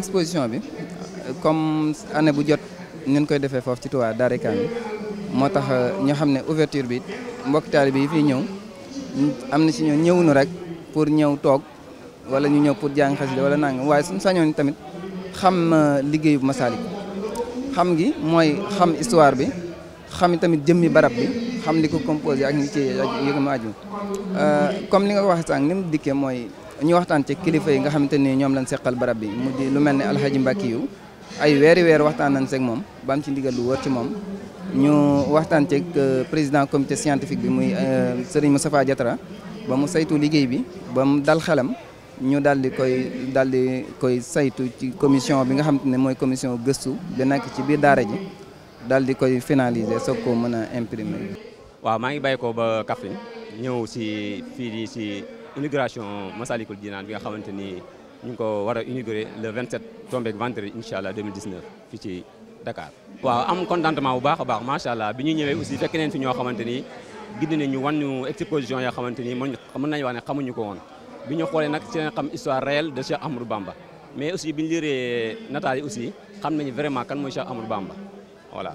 exposition bi comme année bu jot ñu koy defee foofu ci Touba Daaray Kamil moo tax ñu xam ne ouverture bi mbokk taalibe yi fi ñëw am na si ñoo ñëwunu rek pour ñëw toog wala ñu ñëw pour jàng xasida wala nangam waaye suñu sañoon tamit xam liggéey bu Masalik xam ngi mooy xam histoire bi xam tamit jëmmi barab bi xam li ko composé ak ñi ci yëg ma aju comme li nga ko waxee sànq ni mu dikkee mooy ñu waxtaan ci kilifa yi nga xamanteni ñom lañ sékkal barab bi mu di lu melni ne mbaki yu ay weeri wér waxtaan nañ sék mom ba am ci ndigal lu wër ci mom ñu waxtaan ci président comité scientifique bi muy Serigne Moustapha jatra ba mu saytu liggéey bi ba mu dal xalam ñu dal di koy dal di koy saytu ci commission bi nga xamanteni moy commission gëstu bi nak ci biir daara ji dal di koy finaliser soog koo mën imprimer. waaw maa ngi bàyyi ko ba Kaffrine ñëw si fii di si. inauguration Massalikul Jinaan bi nga xamante ni ñu ngi ko war a inauguré le vingt tombé vendredi incha allah 2019 fii ci Dakar. waaw am contentement bu baax a baax macha allah bi ñu ñëwee aussi fekk neen fi ñoo xamante ni gis nañu wan ñu exposition yoo xamante ni mën nañu wax ne xamuñu ko woon. bi ñu xoolee nag ci leen xam histoire réelle de Cheikh Ahmadou Bamba mais ussi bi ñu liiree nataal yi aussi xam nañu vraiment kan mooy Cheikh Ahmadou Bamba voilà.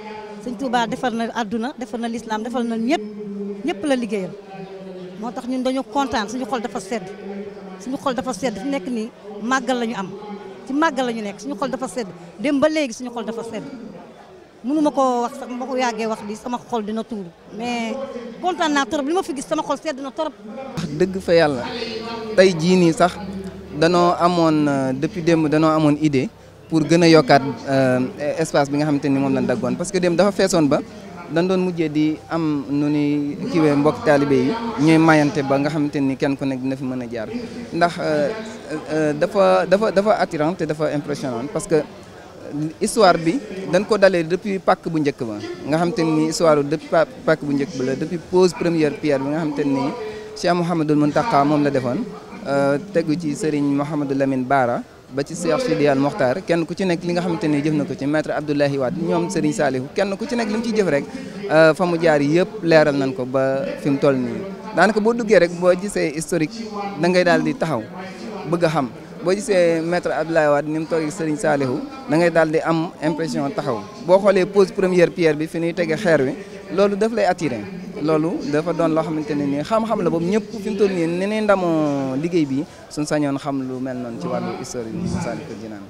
sëñ Touba defar na àdduna defar na lislaam defal na ñëpp ñëpp la liggéeyal moo tax ñun dañu kontaan suñu xol dafa sedd suñu xol dafa sedd fi nekk nii màggal la ñu am si màggal la ñu nekk suñu xol dafa sedd dem ba léegi suñu xol dafa sedd mënu ko wax sax ma ko yàggee wax li sama xol dina tuuru mais kontaan naa torop li ma fi gis sama xol sedd na torop wax dëgg fa yàlla tey jii nii sax danoo amoon euh, depuis démb danoo amoon idée pour gën a yokkaat euh, espace bi nga xamante ni moom lañ daggoon parce que dem dafa feesoon ba dañ doon mujjee di am nu ni kiiwee mbokk taalibe yi ñuy mayante ba nga xamante ni kenn ku nekk dina fi mën a jaar ndax euh, euh, dafa dafa dafa attirant te dafa impressionnant parce que histoire bi dañ ko dalee depuis pàkk bu njëkk ba nga xamante ni histoire depuis pàkk bu njëkk ba la depuis pose première pierre bi nga xamante ni Cheikh Mouhamadul Mountakha moom la defoon tegu ci Serigne Mouhamadou Lamine Bara ba ci Cheikh Sidiya Mokhtar kenn ku ci nekk li nga xamante ni jëf na ko ci maître Abdoulaye Wade ñoom Serigne Saliou kenn ku ci nekk li mu ciy jëf rek euh, fa mu jaar yëpp leeral nañ ko ba fi mu toll nii daanaka boo duggee rek boo gisee historique da ngay daal di taxaw bëgg a xam boo gisee maître Abdoulaye Wade ni mu toogee Serigne Saliou da ngay daal di am impression taxaw boo xoolee pose première pierre bi fi ñuy tege xeer wi loolu daf lay attiré. loolu dafa doon loo xamante ne nii xam-xam la boobu ñëpp fi mu toll nii ni ñuy ndamoo liggéey bi suñ sañoon xam lu mel noon ci wàllu histoire yi Masaalikul Jinaan